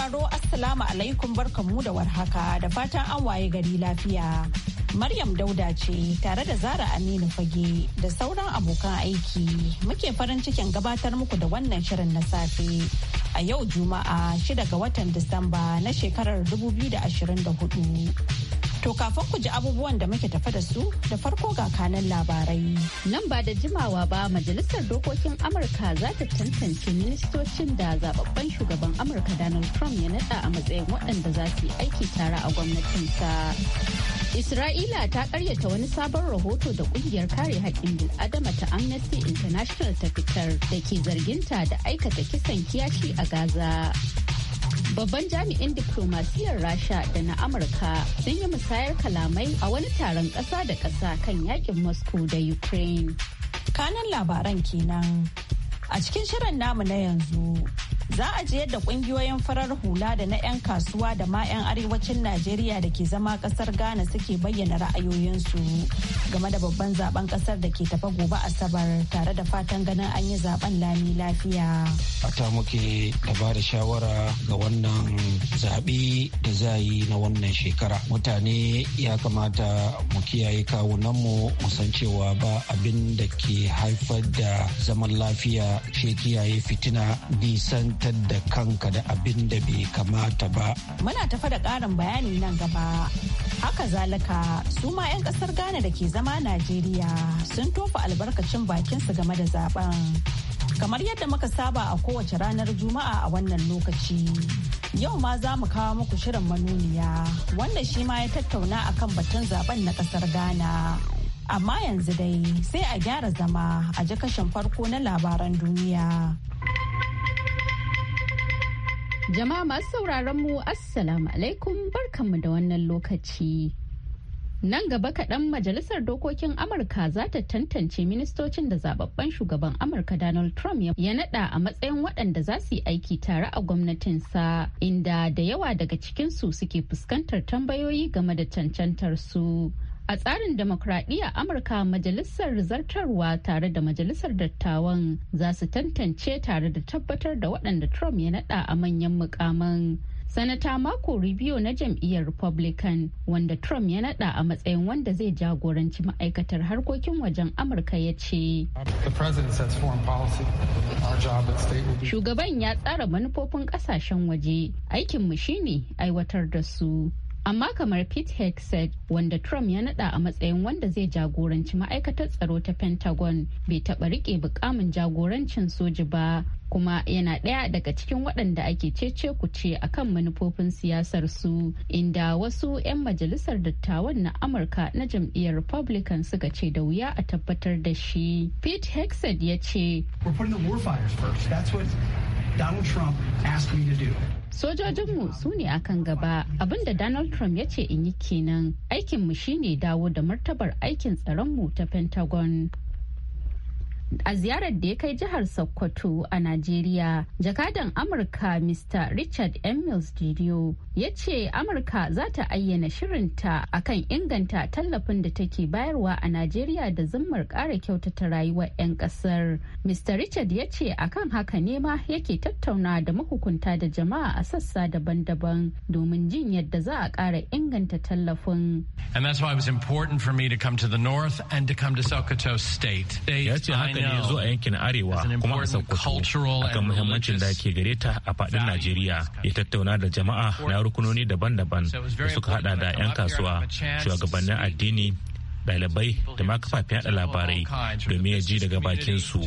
sauraro Assalamu alaikum mu da warhaka da fatan an waye gari lafiya. Maryam Dauda ce tare da Zara Aminu Fage da sauran abokan aiki muke farin cikin gabatar muku da wannan shirin na safe a yau Juma'a 6 ga watan Disamba na shekarar 2024. To kafin ku ji abubuwan da muke tafa da su da farko ga kanan labarai. Nan ba da jimawa ba majalisar dokokin Amurka za ta tantance ministocin da zaɓaɓɓen shugaban Amurka Donald Trump ya nada a matsayin waɗanda za su yi aiki tare a gwamnatinsa. Isra'ila ta karyata wani sabon rahoto da ƙungiyar kare haƙƙin bil'adama ta Amnesty International ta fitar da ke zarginta da aikata kisan kiyashi a Gaza. Babban jami'in diplomasiyyar Rasha da na Amurka sun yi musayar kalamai a wani taron ƙasa da ƙasa kan yakin Moscow da Ukraine. Kanan labaran kenan. A cikin shirin namu na yanzu za a ji yadda kungiyoyin farar hula da na 'yan kasuwa da ma 'yan arewacin Najeriya da ke zama kasar Ghana suke bayyana ra'ayoyinsu game da babban zaben kasar da ke tafa gobe Asabar tare da fatan ganin an yi zaben lami lafiya. Ata muke da ba da shawara ga wannan zaɓe da za yi na wannan shekara. Mutane ya kamata mu kiyaye kawunanmu mu san cewa ba abin da ke haifar da zaman lafiya Allah kiyaye fitina nisantar da kanka da abin da bai kamata ba. Muna tafa da ƙarin bayani nan gaba. Haka zalika su ma 'yan ƙasar Ghana da ke zama Najeriya sun tofa albarkacin bakinsu game da zaben. Kamar yadda muka saba a kowace ranar Juma'a a wannan lokaci. Yau ma za mu kawo muku shirin manuniya wanda shi ma ya tattauna akan batun zaben na ƙasar Ghana. Amma yanzu dai sai a gyara zama a ji kashin farko na labaran duniya. Jama'a masu sauraron mu Assalamu alaikum barkanmu da wannan lokaci. Nan gaba kaɗan Majalisar Dokokin Amurka za ta tantance ministocin da zababben shugaban Amurka Donald Trump ya naɗa a matsayin waɗanda za su yi aiki tare a gwamnatinsa inda da yawa daga cikinsu suke fuskantar tambayoyi game da cancantar su. A tsarin demokradiyya Amurka majalisar zartarwa tare da majalisar dattawan za su tantance tare da tabbatar da waɗanda Trump ya naɗa a manyan mukaman. Sanata mako Rubio na jam'iyyar Republican wanda Trump ya naɗa a matsayin wanda zai jagoranci ma'aikatar harkokin wajen Amurka ya ce. Shugaban ya tsara manufofin kasashen waje, aikinmu shine aiwatar da su. amma kamar pete hexed wanda trump ya nada a matsayin wanda zai jagoranci ma'aikatar tsaro ta pentagon bai taba rike bukamin jagorancin soji ba kuma yana ɗaya daga cikin waɗanda ake cece kuce a kan manufofin siyasar su inda wasu 'yan majalisar dattawan na amurka na jam'iyyar republican suka ce da wuya a tabbatar da shi pete hexed ya ce Donald Trump asked me to do. Sojojinmu su ne akan gaba abinda Donald Trump ya ce in yi kenan aikinmu shine dawo da martabar aikin tsaronmu ta Pentagon. a ziyarar da ya kai jihar Sokoto a Najeriya, jakadan Amurka Mr. Richard M. Mills Didio ya ce Amurka za ta ayyana shirinta akan inganta tallafin da take bayarwa a Najeriya da zimmar ƙara kyautata rayuwa 'yan ƙasar. Mr. Richard ya ce akan haka ne ma yake tattauna da mahukunta da jama'a a sassa daban-daban domin jin yadda za a ƙara inganta tallafin. And that's why it was important for me to come to the north and to come to Sokoto State. ne ya zo a yankin arewa kuma a sokoto akan muhimmancin da ke gare ta a faɗin najeriya ya tattauna da jama'a na rukunoni daban-daban da suka hada da 'yan kasuwa shugabannin addini ɗalibai da ma kafafen yada labarai domin ya ji daga bakin su.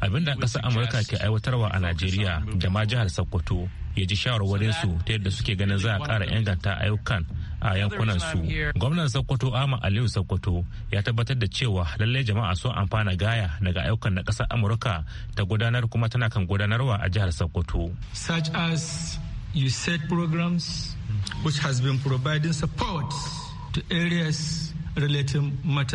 Abin da ƙasar Amurka ke aiwatarwa a Najeriya da ma jihar Sokoto ya ji shawarwarin su ta yadda suke ganin za a ƙara inganta ayyukan a yankunan su gwamnan sokoto Ahmad aliyu sokoto ya tabbatar da cewa lallai jama'a sun amfana gaya daga ayyukan na kasar amurka ta gudanar kuma tana kan gudanarwa a jihar sokoto such as you said programs which has been providing support to areas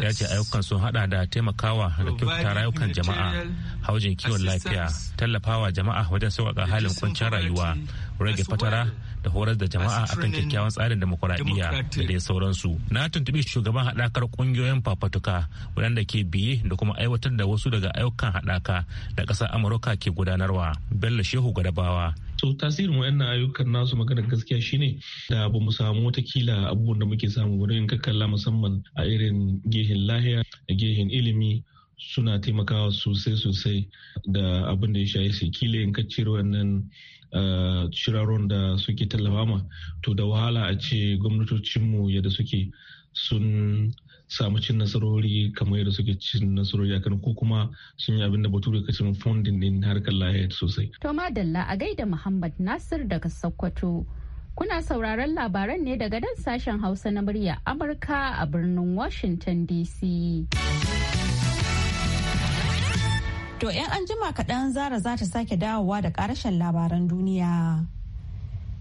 ya ce ayyukan sun hada da taimakawa da kyauta rayukan jama'a haujin kiwon lafiya tallafawa jama'a wajen sauƙaƙa halin kwancin rayuwa rage fatara da horar da jama'a akan kyakkyawan tsarin demokuraɗiyya da dai sauransu na tuntuɓi shugaban haɗakar ƙungiyoyin fafatuka waɗanda ke biye da kuma aiwatar da wasu daga ayyukan haɗaka da ƙasar amurka ke gudanarwa bello shehu gadabawa so tasirin wa'annan ayyukan nasu magana gaskiya shine da ba mu samu watakila abubuwan da muke samu wurin ka kalla musamman a irin gehen lahiya da gehen ilimi suna taimakawa sosai sosai da abin da ya shayi sai kila in ka wannan Eh, shiraron da suke tallafa to da wahala a ce gwamnatocinmu yadda suke sun samu cin nasarori kamar yadda suke cin nasarori akan ko kuma sun yi abin da bature ka cin fundin din harkar lahiya sosai. To madalla a gaida Muhammad Nasir daga Sokoto. Kuna sauraron labaran ne daga dan sashen Hausa na murya Amurka a birnin Washington DC. To 'yan anjima kaɗan zara za ta sake dawowa da ƙarashen labaran duniya.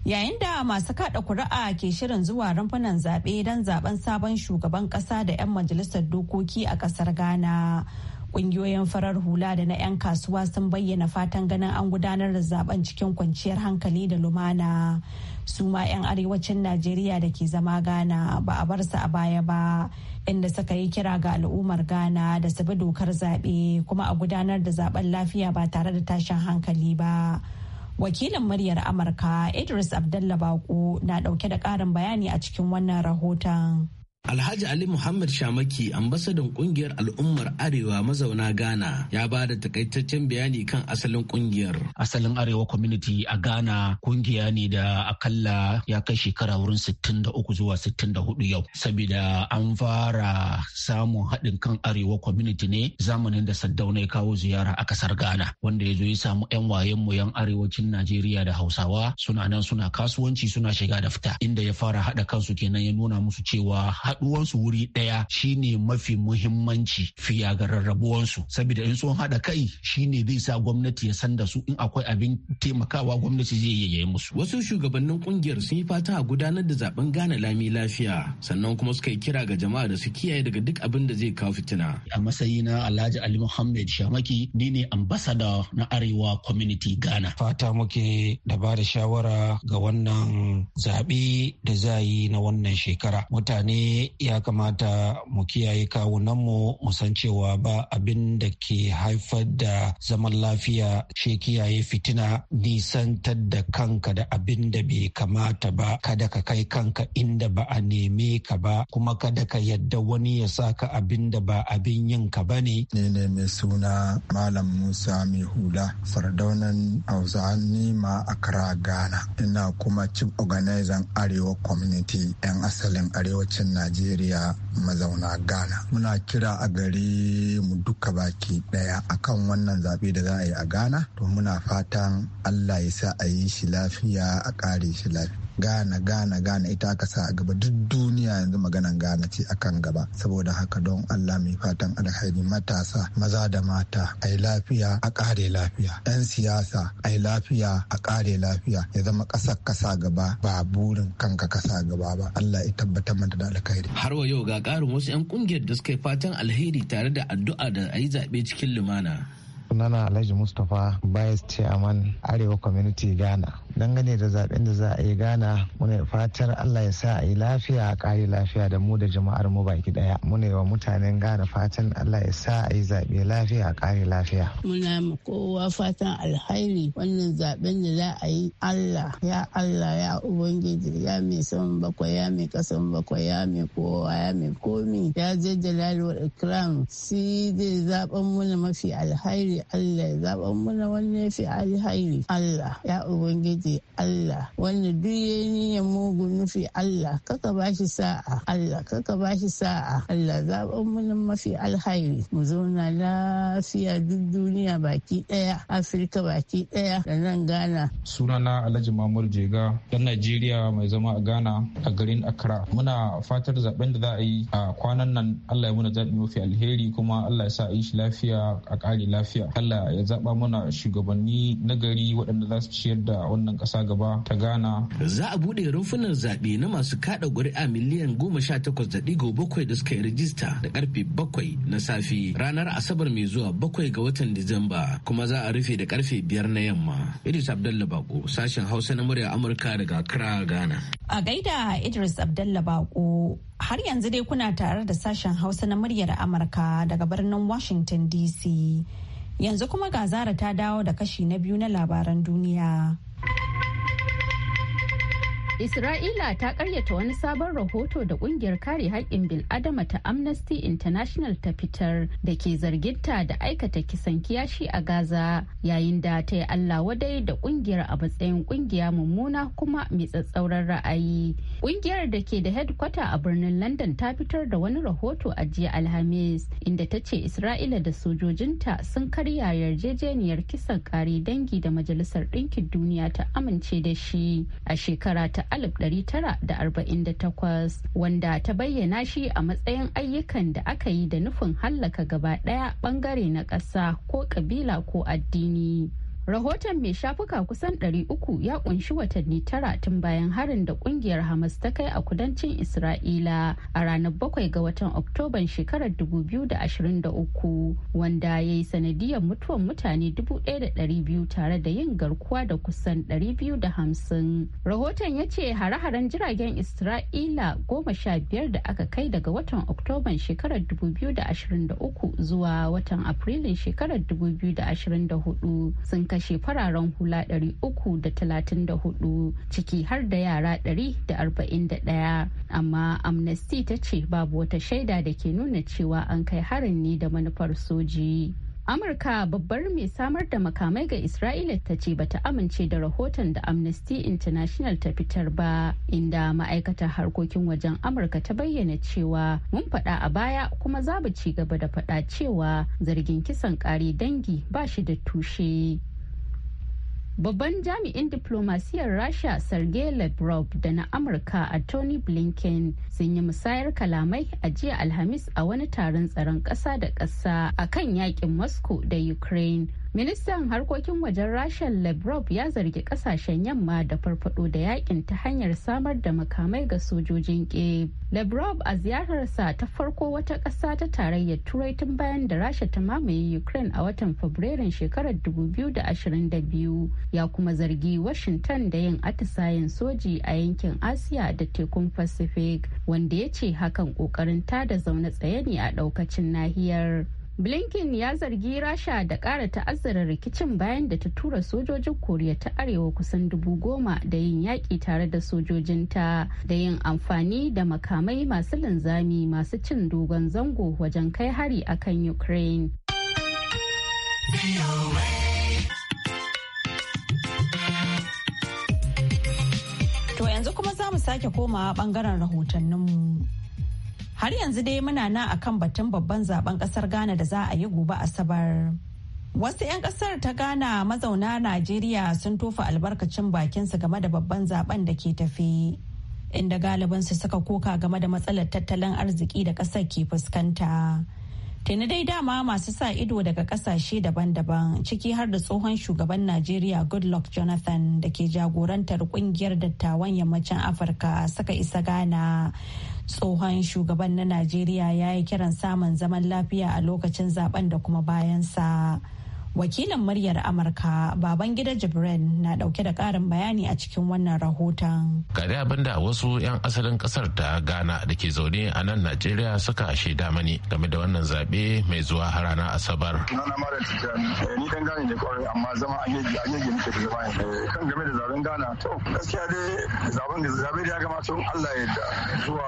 Yayin da masu kaɗa kuri'a ke shirin zuwa rumfunan zaɓe don zaɓen sabon shugaban ƙasa da 'yan majalisar dokoki a ƙasar Ghana. Ƙungiyoyin farar hula da na 'yan kasuwa sun bayyana fatan ganin an gudanar da zaben cikin kwanciyar hankali da lumana. su ma 'yan arewacin najeriya da ke zama ghana ba a bar su a baya ba inda suka yi kira ga al'ummar ghana da su bi dokar zaɓe kuma a gudanar da zaben lafiya ba tare da tashin hankali ba wakilin muryar amurka idris abdullah bako na ɗauke da ƙarin bayani a cikin wannan rahoton. Alhaji Ali Muhammad Shamaki, ambasadan kungiyar al'ummar Arewa mazauna Ghana, ya ba da takaitaccen bayani kan asalin kungiyar. Asalin Arewa Community a Ghana kungiya ne da akalla ya kai shekara wurin 63 zuwa 64 yau. Saboda an fara samun haɗin kan Arewa Community ne zamanin da Saddauna ya kawo ziyara a ƙasar Ghana, wanda ya zo ya samu 'yan wayenmu 'yan arewacin Najeriya da Hausawa suna nan suna kasuwanci suna shiga da fita, inda ya fara haɗa kansu kenan ya nuna musu cewa haɗuwansu wuri ɗaya shine mafi muhimmanci fiya ga rarrabuwansu saboda in sun haɗa kai shine zai sa gwamnati ya san da su in akwai abin taimakawa gwamnati zai yi yayi musu wasu shugabannin kungiyar sun yi fata a gudanar da zaben gane lami lafiya sannan kuma suka yi kira ga jama'a da su kiyaye daga duk abin da zai kawo fitina a matsayi na alhaji ali muhammad shamaki ni ne ambasada na arewa community ghana fata muke da ba da shawara ga wannan zaɓe da za yi na wannan shekara mutane ya kamata mu kiyaye kawunanmu mu san cewa ba abin da ke haifar da zaman lafiya ce kiyaye fitina nisantar da kanka da abin da bai kamata ba kada ka kai kanka inda ba a neme ka ba kuma kada ka yadda wani ya saka abin da ba abin yin ka ba ne. Ni ne mai suna Malam Musa mai hula sardaunan Hausa Nima Accra Ghana ina kuma chief organizer Arewa Community 'yan asalin arewacin Najeriya. Najeriya mazauna Ghana. Muna kira a gare mu duka baki ɗaya akan wannan zaɓe da za a yi a Ghana, to muna fatan Allah ya sa a yi shi lafiya a ƙare shi lafiya. gana gana gana ita aka sa a gaba duk duniya yanzu maganan gana ce akan gaba saboda haka don allah mai fatan alhaji matasa maza da mata a yi lafiya a kare lafiya yan siyasa a yi lafiya a kare lafiya ya zama ƙasar kasa gaba ba burin kanka kasa gaba ba allah ya tabbatar mata da alkhairi har wa yau ga ƙarin wasu 'yan kungiyar da suka yi fatan alheri tare da addu'a da a yi zaɓe cikin lumana sunana alhaji mustapha bias chairman arewa community ghana dangane da zaben da za a yi ghana muna fatar allah ya sa a yi lafiya a kare lafiya da mu da jama'ar mu baki daya muna yi wa mutanen ghana fatan allah ya sa a yi zaɓe lafiya a kare lafiya muna ma kowa fatan alhairi wannan zaben da za a yi allah ya allah ya ubangiji ya mai son bakwai ya mai kasan bakwai ya mai kowa ya mai komi ya jajjala da ikram si zai zaben muna mafi alhairi allah ya zaɓa wannan fi alhairi allah ya ubangiji allah wanda duk ya niyan mugun nufi allah kaka bashi sa'a allah kaka bashi sa'a allah zaɓa muna mafi alhairi mu zauna lafiya duk duniya baki ɗaya afirka baki ɗaya da nan ghana sunana alhaji mamur jega ɗan najeriya mai zama a ghana a garin accra muna fatar zaɓen da za a yi a kwanan nan allah ya muna zaɓi mafi alheri kuma allah ya sa a yi shi lafiya a ƙari lafiya Allah ya zaba mana shugabanni na gari waɗanda za su ciyar da wannan ƙasa gaba ta gana. Za a buɗe rumfunan zaɓe na masu kaɗa ƙuri'a miliyan goma sha takwas da ɗigo bakwai da suka yi rijista da ƙarfe bakwai na safe ranar Asabar mai zuwa bakwai ga watan Disamba kuma za a rufe da ƙarfe biyar na yamma. Idris Abdallah Bako sashen Hausa na murya Amurka daga Accra Ghana. A gaida Idris Abdallah Bako har yanzu dai kuna tare da sashen Hausa na muryar Amurka daga birnin Washington DC. Yanzu kuma ga zara ta dawo da kashi na biyu na labaran duniya. Isra'ila ta karyata wani sabon rahoto da kungiyar kare haƙƙin bil'adama ta Amnesty International ta fitar da ke zarginta da aikata kisan kiyashi a Gaza yayin da ta yi Allah wadai da kungiyar a matsayin kungiya mummuna kuma mai tsatsauran ra'ayi. Kungiyar da ke da hedkwata a birnin London ta fitar da wani rahoto a jiya Alhamis inda ta ce Isra'ila da sojojinta sun karya yarjejeniyar kisan kare dangi da Majalisar Ɗinkin Duniya ta amince da shi a shekara ta 1948 wanda ta bayyana shi a matsayin ayyukan da aka yi da nufin hallaka gaba ɗaya ɓangare na ƙasa ko ƙabila ko addini. Rahoton mai shafuka kusan 300 ya kunshi watanni tara tun bayan harin da kungiyar Hamas ta kai a kudancin Isra'ila a ranar 7 ga watan Oktoban shekarar 2023 wanda ya yi sanadiyar mutuwan mutane 1,200 tare da yin garkuwa da kusan 250. Rahoton ya ce hare-haren jiragen Isra'ila 15 da aka kai daga watan Oktoban shekarar 2023 zuwa watan Afrilun shekarar 2024 sun kashe kashe fararen hula 334 ciki har da yara 141 amma amnesty ta ce babu wata shaida da ke nuna cewa an kai harin ne da manufar soji amurka babbar mai samar da makamai ga isra'ila ta ce bata amince da rahoton da amnesty international ta fitar ba inda ma'aikatar harkokin wajen amurka ta bayyana cewa mun fada a baya kuma za bu ci gaba da faɗa cewa zargin kisan kare dangi ba shi da tushe Babban jami'in diplomasiyyar Rasha Sergei Lavrov da na Amurka a Tony Blinken sun yi musayar kalamai a jiya Alhamis a wani taron tsaron ƙasa da ƙasa a kan yakin Moscow da Ukraine ministan harkokin wajen rashen Lebrov ya zargi kasashen yamma da farfado da yakin ta hanyar samar da makamai ga sojojin ke Lebrov a ziyararsa ta farko wata ƙasa ta tarayyar turai tun bayan da rasha ta mamaye ukraine a watan fabrairun shekarar 2022 ya kuma zargi washington da yin atisayen soji a yankin asiya da tekun pacific wanda ya ce hakan ƙoƙarin da zaune tsaye ne a ɗaukacin nahiyar blinken ya zargi rasha da ƙara ta'azzara rikicin bayan da ta tura sojojin koriya ta arewa kusan dubu goma da yin yaƙi tare da sojojinta da yin amfani da makamai masu linzami masu cin dogon zango wajen kai hari a kan ukraine To yanzu kuma za mu sake komawa bangaren rahotanninmu. har yanzu dai muna nan akan batun babban zaben kasar ghana da za a yi gobe asabar wasu 'yan kasar ta ghana mazauna najeriya sun tofa albarkacin bakinsu game da babban zaben da ke tafi inda galibinsu suka koka game da matsalar tattalin arziki da kasar ke fuskanta tuni dai dama masu sa ido daga kasashe daban-daban ciki har da tsohon shugaban najeriya goodluck jonathan da ke jagorantar kungiyar dattawan yammacin afirka suka isa ghana tsohon shugaban na najeriya ya yi kiran samun zaman lafiya a lokacin zaben da kuma bayansa wakilin muryar amurka baban gida jibrin na dauke da karin bayani a cikin wannan rahoton gari abin da wasu 'yan asalin kasar ta ghana da ke zaune a nan najeriya suka shaida mani game da wannan zaɓe mai zuwa ranar asabar eh, ni dan gane ne amma zama yi da zama eh, kan game da zaben da ya gama da zuwa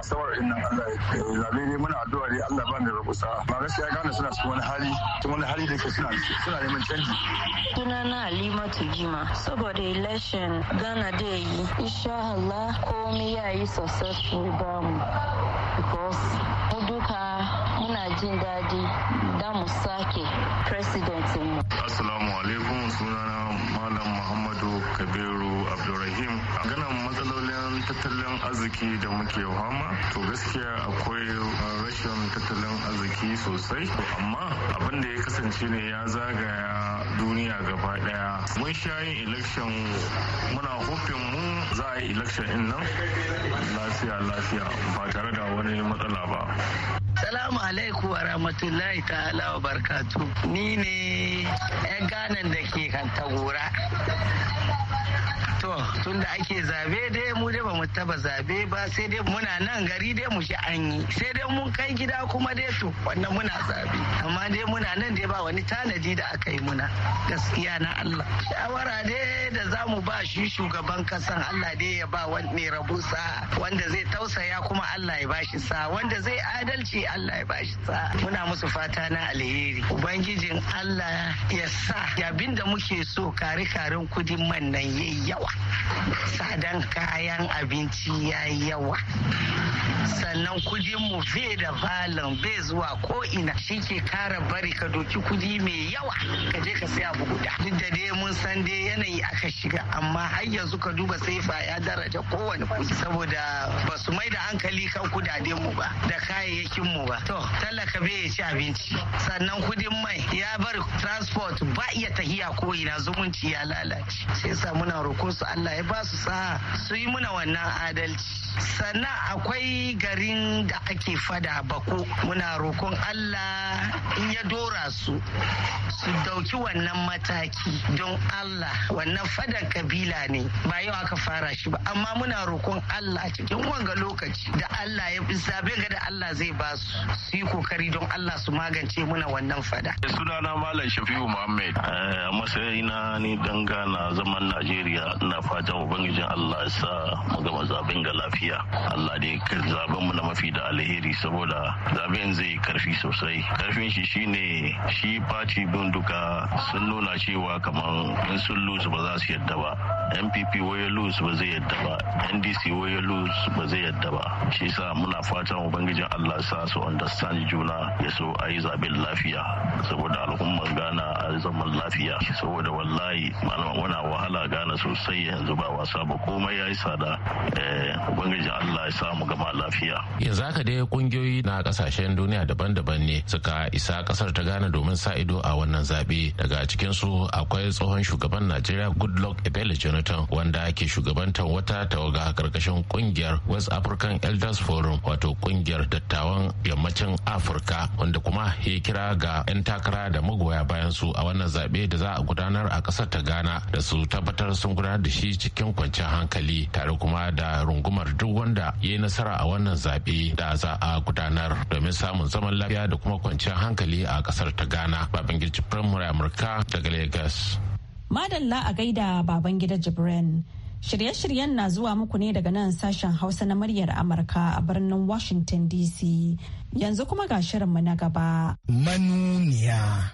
asabar din nan allah ya eh, zabe ne muna addu'a dai allah ba ni rubusa ba gaskiya gane suna cikin wani hali cikin wani hali da ke suna neman canji. Sunana Halimatu Gima saboda election Ghana dai yi insha Allah komai ya yi successful ba mu because mu duka muna jin daɗi da mu sake president arziki da muke fama to gaskiya akwai uh, rashin tattalin arziki sosai amma abin da ya kasance ne ya zagaya duniya gaba daya mun sha yin election muna hofin mu za a yi election din nan lafiya lafiya ba tare da wani matsala ba Salamu alaikum wa rahmatullahi ta'ala wa barkatu. Ni ne 'yan ganan da ke kan tagora. to tun da ake zabe dai mu dai ba mu taba zabe ba sai dai muna nan gari dai mu shi an yi sai dai mun kai gida kuma dai to wannan muna zabe amma dai muna nan dai ba wani tanadi da aka yi muna gaskiya na Allah shawara dai da zamu mu ba shi shugaban kasan Allah dai ya ba wani rabu sa wanda zai tausaya kuma Allah ya bashi sa wanda zai adalci Allah ya bashi sa muna musu fata na alheri ubangijin Allah ya sa ya da muke so kare karen kudin man nan yayi yawa tsadan kayan abinci ya yi yawa sannan kudinmu bai da valin bai zuwa ko ina shi ke kara bari ka doki kudi mai yawa ka je ka sai abu guda duk da dai mun san dai yanayi aka shiga amma har yanzu ka duba saifa ya daraja kowane kudi saboda ba su mai da hankali kan kudaden mu ba da kayayyakin mu ba to talaka bai ya ci abinci sannan kudin mai ya bar transport ba iya tahiya ko ina zumunci ya lalace sai sa muna rukus su Allah ya ba su sa'a su yi muna wannan adalci sannan akwai garin da ake fada bako muna rokon Allah in ya dora su su dauki wannan mataki don Allah wannan fadan kabila ne ba yau aka fara shi ba amma muna rokon Allah cikin wanga lokaci da Allah ya zabe ga da Allah zai ba su su yi kokari don Allah su magance muna wannan fada sunana Malam Shafi'u Muhammad eh, a na ni dangana zaman Najeriya muna fatan ubangijin Allah ya sa mu gama zaben ga lafiya Allah da ya zaben mu na mafi da alheri saboda zaben zai karfi sosai karfin shi shine shi faci bin duka sun nuna cewa kamar in sun lose ba za su yadda ba NPP waya lose ba zai yadda ba NDC waya lose ba zai yadda ba shi sa muna fatan ubangijin Allah ya sa su understand juna ya so ayi zaben lafiya saboda al'umman Gana a zaman lafiya saboda wallahi malama wana wahala Gana sosai yi yanzu ba wasa ba komai ya yi tsada eh, ubangiji allah ya samu gama lafiya yanzu haka dai kungiyoyi na kasashen duniya daban-daban ne suka isa kasar ta ghana domin sa ido a wannan zaɓe daga cikin su akwai tsohon shugaban najeriya goodluck ebele jonathan wanda ke shugabantar wata tawaga a karkashin kungiyar west african elders forum wato kungiyar dattawan yammacin afirka wanda kuma ya kira ga 'yan takara da magoya bayan su a wannan zaɓe da za a gudanar a kasar ta ghana da su tabbatar sun gudanar da da shi cikin kwanciyar hankali tare kuma da rungumar duk wanda ya yi nasara a wannan zaɓe da za a gudanar domin samun zaman lafiya da kuma kwanciyar hankali a ƙasar ta ghana babangirci firamare amurka daga lagos madalla a gaida babangida jibrin Shirye-shiryen na zuwa muku ne daga nan sashen Hausa na muryar Amurka a birnin Washington DC. Yanzu kuma ga shirinmu na gaba. Manuniya.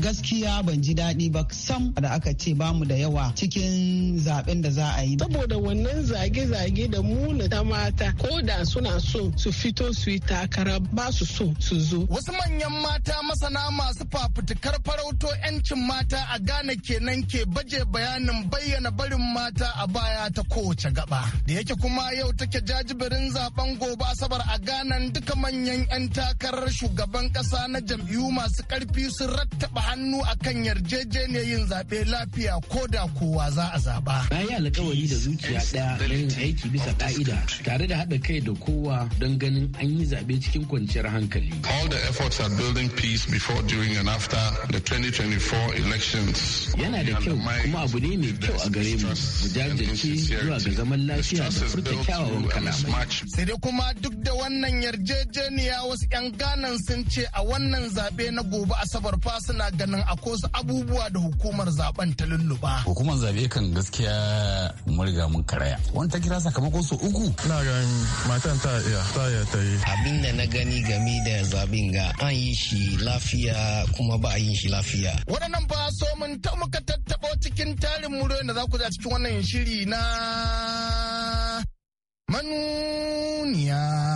gaskiya ban ji daɗi ba sam da aka ce bamu da yawa cikin zaben da za a yi saboda wannan zage-zage da muna ta mata ko da suna so su fito su yi takara ba su so su zo wasu manyan mata masana masu fafutukar farauto 'yancin mata a Ghana kenan ke baje bayanin bayyana barin mata a baya ta kowace gaba da yake kuma yau take jajibirin zaben gobe asabar a Ghana duka manyan 'yan takarar shugaban ƙasa na jam'iyyu masu karfi sun rattaba hannu akan yarjejeniyar yin zaɓe lafiya ko da kowa za a zaɓa. Na yi alkawari da zuciya ɗaya da yin aiki bisa ƙa'ida tare da haɗa kai da kowa don ganin an yi zaɓe cikin kwanciyar hankali. All the efforts are building peace before, during and after the 2024 elections. Yana da kyau kuma abu ne mai kyau a gare mu mu jajirce zuwa ga zaman lafiya da furta kyawawan kalamai. Sai dai kuma duk da wannan yarjejeniya wasu 'yan ganan sun ce a wannan zaɓe na gobe Asabar fa suna ganin akwai abubuwa da hukumar zaben ta lulluɓa. Hukumar zabe kan gaskiya murga mun karaya. Wani ta kira sakamakon su uku. Ina gan matan ta iya ta iya ta yi. Abin da na gani game da zaben ga an yi shi lafiya kuma ba a yi shi lafiya. Waɗannan ba so mun ta muka tattaɓo cikin tarin muro da za ku a cikin wannan shiri na manuniya.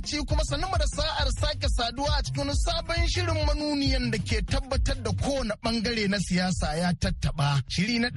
lokaci kuma sannu da sa'ar sake saduwa a cikin sabon shirin manuniyan da ke tabbatar da kowane bangare na siyasa ya tattaba. Shiri na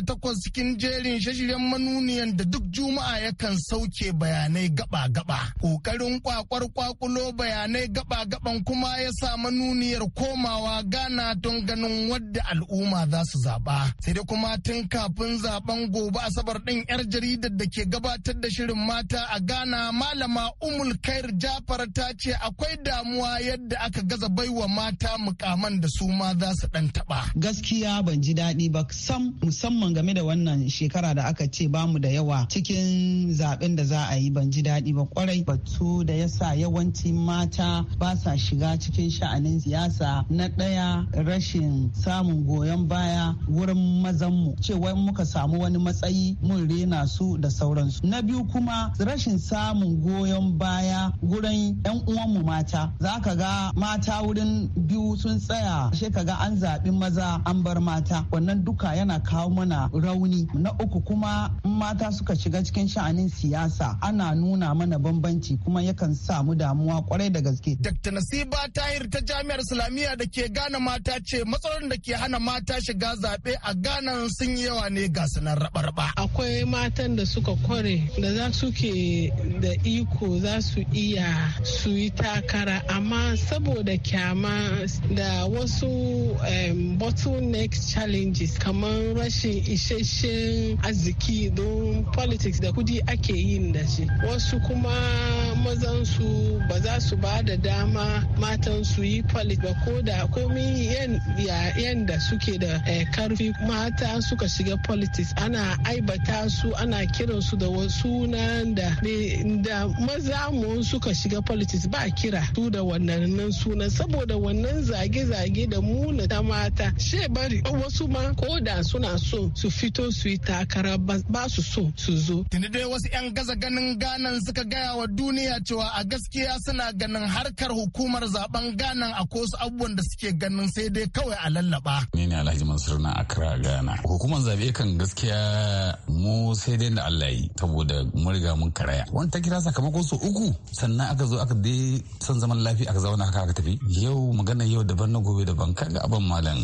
takwas cikin jerin shashiryan manuniyan da duk juma'a yakan sauke bayanai gaba-gaba. Kokarin kwakwar kwakulo bayanai gaba-gaban kuma ya sa manuniyar komawa gana don ganin wadda al'umma za su zaba. Sai dai kuma tun kafin zaben gobe Asabar ɗin 'yar jaridar da ke gabatar da shirin mata a gana Malama Umul zulkair jafar ta ce akwai damuwa yadda aka gaza baiwa mata mukaman da su ma za su dan taba gaskiya ban ji daɗi ba sam musamman game da wannan shekara da aka ce bamu da yawa cikin zaben da za a yi ban ji daɗi ba kwarai batu da yasa yawanci mata ba sa shiga cikin sha'anin siyasa na ɗaya rashin samun goyon baya wurin mazanmu cewa muka samu wani matsayi mun rena su da sauransu na biyu kuma rashin samun goyon baya baya gurin yan uwanmu mata za ka ga mata wurin biyu sun tsaya she ka ga an zaɓi maza an bar mata wannan duka yana kawo mana rauni na uku kuma mata suka shiga cikin sha'anin siyasa ana nuna mana bambanci kuma yakan samu damuwa kwarai da gaske dr nasiba tahir ta jami'ar islamiyya da ke gane mata ce matsalolin da ke hana mata shiga zaɓe a ghana sun yi yawa ne ga sanar raba-raba akwai matan da suka kware da za su ke da iko za su su iya su yi takara amma saboda kyama da wasu um, bottleneck challenges kamar rashin isasshen arziki don politics da kudi ake yin da shi wasu kuma mazansu ba za su ba da dama matan su yi ba ko da komi yan da suke da eh, karfi mata suka shiga politics ana aibata su ana kiran su da wasu nan da da maza mu suka shiga politics ba kira su da wannan sunan saboda wannan zage-zage da muna ta mata she bari wasu ma ko da suna so su fito su yi takara ba su so su zo. Tuni dai wasu 'yan gaza ganin ganan suka gaya wa duniya duniya cewa a gaskiya suna ganin harkar hukumar zaben Gana a kosu abubuwan da suke ganin sai dai kawai a lallaba. Ni ne Alhaji Mansur na Accra Ghana. Hukumar zabe kan gaskiya mu sai dai da Allah yi saboda mun mun karaya. Wani ta kira sakamakon su uku sannan aka zo aka dai son zaman lafiya aka zauna haka aka tafi. Yau magana yau daban na gobe daban kaga abin malam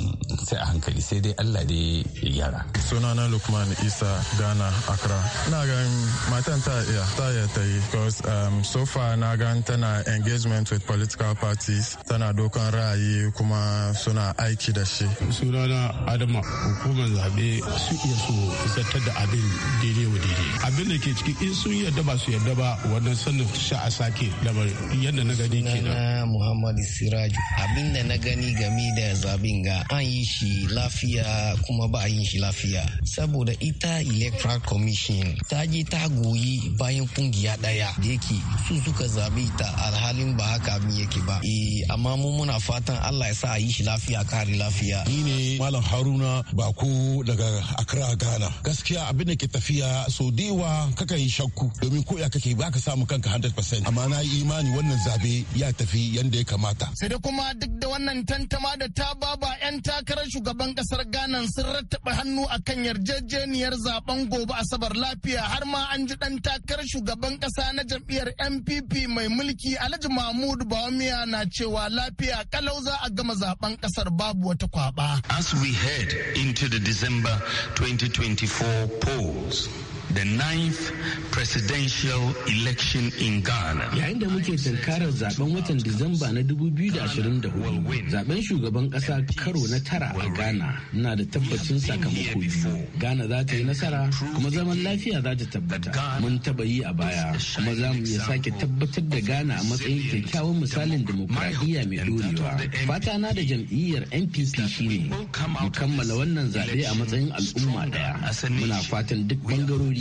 sai a hankali sai dai Allah dai ya gyara. Sunana Lukman Isa Ghana Accra. Ina ganin matan ta iya ta iya ta yi so far na gan tana engagement with political parties tana dokan ra'ayi kuma suna aiki da shi sunana adama hukumar zaɓe su iya su zartar da abin daidai wa daidai abin da ke ciki in sun yarda ba su yarda ba wannan sannan sha a sake lamarin yadda na gani na muhammad siraju abin da na gani game da zaɓen ga an yi shi lafiya kuma ba a yi shi lafiya saboda ita electoral commission ta je ta goyi bayan kungiya daya da yake su suka zabi ta alhalin ba haka min yake ba eh amma mu muna fatan Allah ya sa a yi shi lafiya kare lafiya ni ne malam Haruna Bako daga Accra Ghana gaskiya abin da ke tafiya so dewa kaka yi shakku domin ko ya kake ba ka samu kanka 100% amma na yi imani wannan zabe ya tafi yanda ya kamata sai da kuma duk da wannan tantama da ta baba 'yan takarar shugaban kasar Ghana sun rattaba hannu akan yarjejeniyar zaben gobe asabar lafiya har ma an ji dan takarar shugaban kasa na jam'iyyar NPP mai mulki Alhaji Mahmud Bawumia na cewa lafiya kalau za a gama zaben kasar babu wata kwaba. As we head into the December 2024 polls, the ninth presidential election in Ghana. Yayin da muke tunkarar zaben watan Disamba na 2024, zaben shugaban kasa karo na tara a Ghana na da tabbacin sakamako biyu. Ghana za ta yi nasara kuma zaman lafiya za ta tabbata. Mun taba yi a baya kuma za mu sake tabbatar da Ghana a matsayin kyakkyawan misalin dimokuraɗiyya mai dorewa. Fata na da jam'iyyar NPP shine mu kammala wannan zaɓe a matsayin al'umma daya. Muna fatan duk bangarori gwamnatoci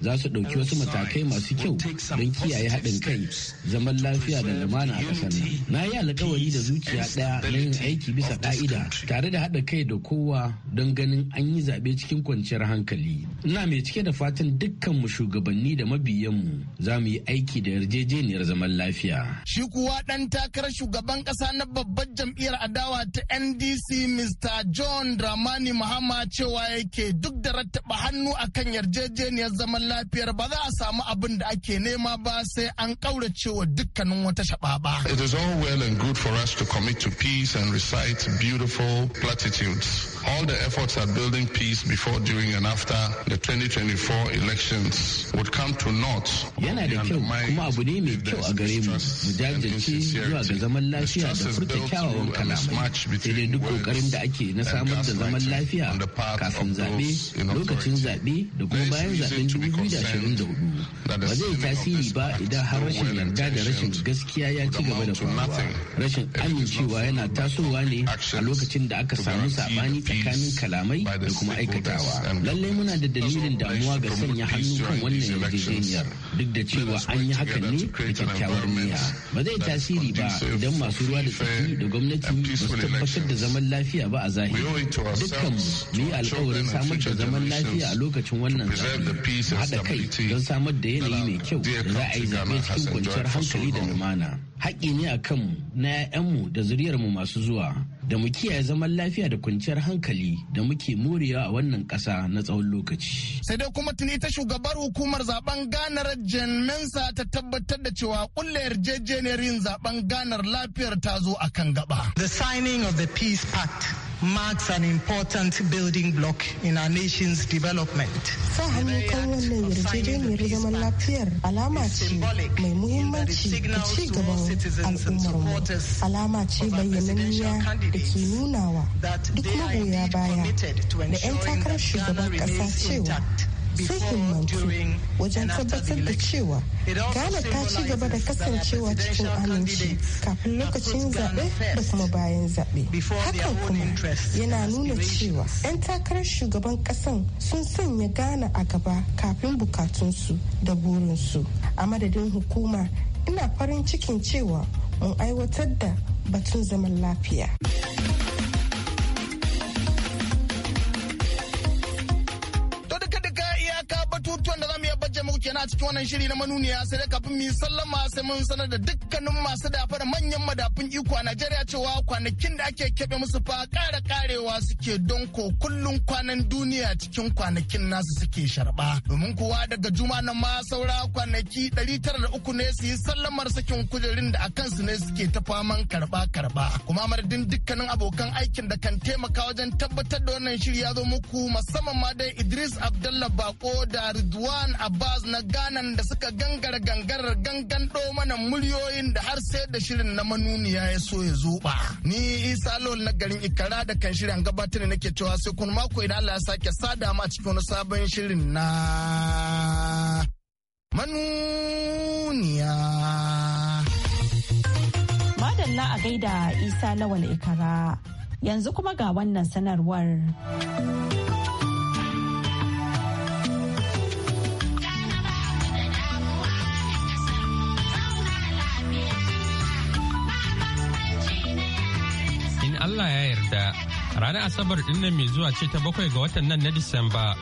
za su ɗauki wasu matakai masu kyau don kiyaye haɗin kai zaman lafiya da lumana a ƙasar nan na yi alkawari da zuciya ɗaya na yin aiki bisa ƙa'ida tare da haɗa kai da kowa don ganin an yi zaɓe cikin kwanciyar hankali ina mai cike da fatan dukkanmu shugabanni da mabiyanmu za mu yi aiki da yarjejeniyar zaman lafiya shi kuwa ɗan takarar shugaban ƙasa na babbar jam'iyyar adawa ta ndc mr john dramani mahama cewa yake duk da rattaba hannu akan yarjejeniyar saniyar zaman lafiyar ba za a samu abin da ake nema ba sai an wa dukkanin wata shababa. It is all well and good for us to commit to peace and recite beautiful platitudes. All the efforts at building peace before, during, and after the 2024 elections would come to naught. Yana da kyau kuma abu ne mai kyau a gare mu mu jajirce zuwa ga zaman lafiya da furta kyawawan kalamai sai dai duk kokarin da ake na samar da zaman lafiya kafin zaɓe lokacin zaɓe da kuma bayan zaɓen 2024 ba zai tasiri ba idan har rashin yarda da rashin gaskiya ya ci gaba da faruwa rashin amincewa yana tasowa ne a lokacin da aka samu saɓani tsakanin kalamai da kuma aikatawa lallai muna da dalilin damuwa ga sanya hannu kan wannan yarjejeniyar duk da cewa an yi hakan ne da kyakkyawar niyya ba zai tasiri ba idan masu ruwa da tsaki da gwamnati ba su tabbatar da zaman lafiya ba a zahiri dukkan mu yi alkawarin samar da zaman lafiya a lokacin wannan zaɓe haɗa kai don samar da yanayi mai kyau da za a yi zaɓe cikin kwanciyar hankali da lumana haƙƙi ne a kanmu na 'ya'yanmu da zuriyarmu masu zuwa da mu kiyaye zaman lafiya da kwanciyar hankali da muke morewa a wannan ƙasa na tsawon lokaci. Sai dai kuma tuni ta shugabar hukumar zaben ganar Janmensa ta tabbatar da cewa kulle yarjejeniyar yin zaben ganar lafiyar ta zo a kan gaba. The signing of the peace pact marks an important building block in our nation's development. Sa hanyar kan wannan yarjejeniyar zaman lafiyar alama ce mai muhimmanci ga ci gaban mu, Alama ce bayyananniya da ke nunawa duk magoya baya da 'yan takarar shugaban kasa cewa sai himmantu wajen tabbatar da cewa ghana ta ci gaba da kasancewa cikin aminci kafin lokacin zaɓe da kuma bayan zaɓe hakan kuma yana nuna cewa 'yan takarar shugaban ƙasan sun sanya ghana a gaba kafin bukatunsu da burinsu a madadin hukuma ina farin cikin cewa mun aiwatar da batun zaman lafiya. kenan a cikin wannan shiri na manuniya sai dai kafin mu sallama sai mun sanar da dukkanin masu dafa da manyan madafun iko a Najeriya cewa kwanakin da ake keɓe musu fa ƙara ƙarewa suke don ko kullun kwanan duniya cikin kwanakin nasu suke sharba. Domin kuwa daga juma nan ma saura kwanaki ɗari tara da uku ne su yi sallamar sakin kujerin da a kansu ne suke ta faman karɓa-karɓa. Kuma madadin dukkanin abokan aikin da kan taimaka wajen tabbatar da wannan shiri ya zo muku musamman ma dai Idris Abdallah Bako da Ridwan Abbas na ganan da suka gangara gangar gangan mana muryoyin da har sai da shirin na manuniya ya so ya zoba ni isa lol na garin ikara da kan shirin gabatar nake cewa sai kun mako idan Allah ya sake sada ma cikin wani sabon shirin na manuniya madalla a gaida isa lawal ikara yanzu kuma ga wannan sanarwar Ranar Asabar din nan mai zuwa ce ta bakwai ga watan nan na Disamba.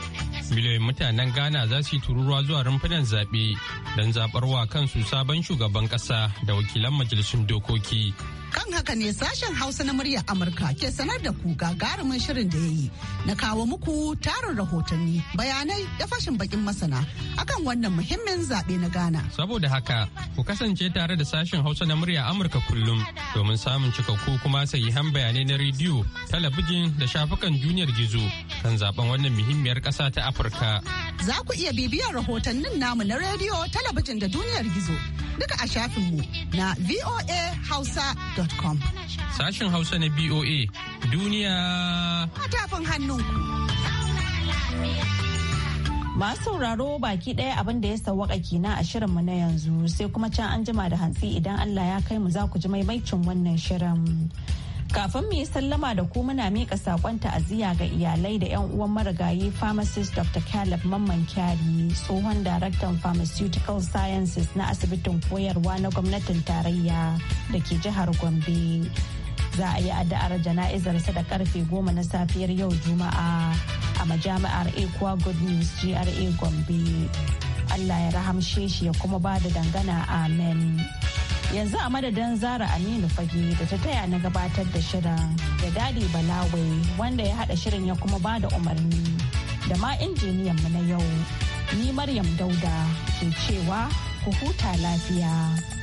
Miliyoyin mutanen Ghana za su yi tururuwa zuwa rumfunan zaɓe don zaɓar wa kansu sabon shugaban ƙasa da wakilan majalisun dokoki Kan haka ne sashen Hausa na murya Amurka ke sanar da ku gagarumin shirin da ya yi na kawo muku tarin rahotanni, bayanai da fashin bakin masana akan wannan muhimmin zaɓe na Ghana. Saboda haka, ku kasance tare da sashen Hausa na murya Amurka kullum domin samun cikakku kuma han bayanai na rediyo, talabijin da shafukan duniyar gizo kan zaben wannan muhimmiyar ƙasa ta Afirka. Za ku iya bibiyar rahotannin namu na rediyo, talabijin da duniyar gizo duka a shafin mu na voahausa.com. Sashin Hausa na BOA duniya a tafin hannu. Masu sauraro baki ɗaya abin da ya sawwaka kina a shirinmu na yanzu sai kuma can an jima da hantsi idan Allah ya kai mu za ku ji maimaicin wannan shirin. Kafin mu yi sallama da ku muna miƙa saƙon ta'aziyya ga iyalai da 'yan uwan marigayi pharmacist Dr. Caleb Mamman Kyari, tsohon daraktan pharmaceutical sciences na asibitin koyarwa na gwamnatin tarayya da ke jihar Gombe. Za a yi addu'ar jana'izarsa da karfe goma na safiyar yau Juma'a a majami'ar Equa Good News GRA Gombe. Allah ya rahamshe shi ya kuma ba da dangana Amen. yanzu a madadin zara aminu fage da ta taya na gabatar da shirin da dadi balawai wanda ya hada shirin ya kuma ba da umarni da ma injiniyan mu na yau ni maryam dauda ke cewa ku huta lafiya.